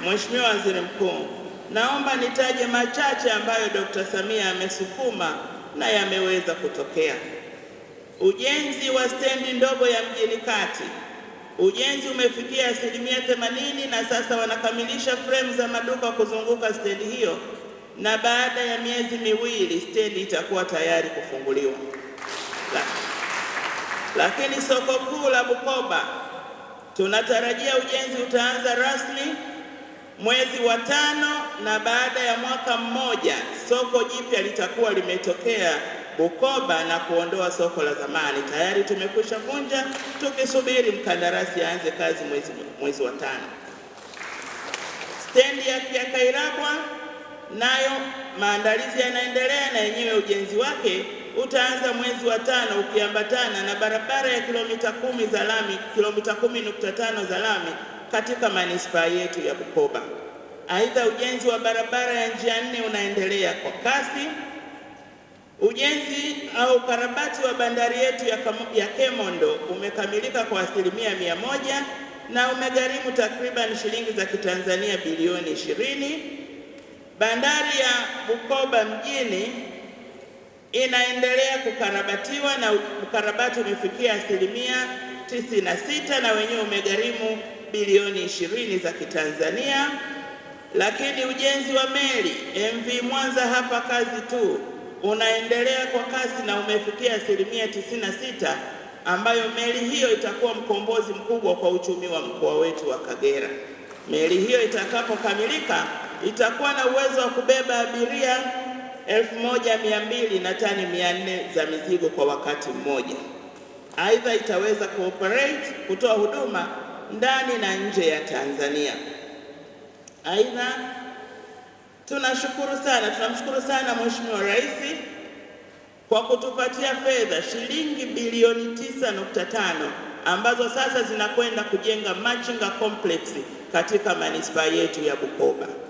Mheshimiwa Waziri Mkuu, naomba nitaje machache ambayo Dr. Samia amesukuma na yameweza kutokea: ujenzi wa stendi ndogo ya mjini kati. Ujenzi umefikia asilimia themanini na sasa wanakamilisha fremu za maduka kuzunguka stendi hiyo, na baada ya miezi miwili stendi itakuwa tayari kufunguliwa. lakini soko kuu la Bukoba tunatarajia ujenzi utaanza rasmi mwezi wa tano, na baada ya mwaka mmoja soko jipya litakuwa limetokea Bukoba na kuondoa soko la zamani. Tayari tumekwisha vunja tukisubiri mkandarasi aanze kazi mwezi, mwezi wa tano. Stendi ya kairabwa nayo maandalizi yanaendelea na yenyewe ujenzi wake utaanza mwezi wa tano ukiambatana na barabara ya kilomita kumi za lami kilomita kumi nukta tano za lami katika manispaa yetu ya Bukoba. Aidha, ujenzi wa barabara ya njia nne unaendelea kwa kasi. Ujenzi au ukarabati wa bandari yetu ya, ya Kemondo umekamilika kwa asilimia mia moja na umegharimu takriban shilingi za Kitanzania bilioni ishirini. Bandari ya Bukoba mjini inaendelea kukarabatiwa na ukarabati umefikia asilimia tisini na sita na wenyewe umegharimu bilioni ishirini za Kitanzania, lakini ujenzi wa meli MV Mwanza hapa kazi tu unaendelea kwa kasi na umefikia asilimia 96 ambayo meli hiyo itakuwa mkombozi mkubwa kwa uchumi wa mkoa wetu wa Kagera. Meli hiyo itakapokamilika itakuwa na uwezo wa kubeba abiria 1200 na tani 400 za mizigo kwa wakati mmoja. Aidha, itaweza kuoperate kutoa huduma ndani na nje ya Tanzania. Aidha, tunashukuru sana, tunamshukuru sana Mheshimiwa Rais kwa kutupatia fedha shilingi bilioni 9.5 ambazo sasa zinakwenda kujenga machinga complex katika manispaa yetu ya Bukoba.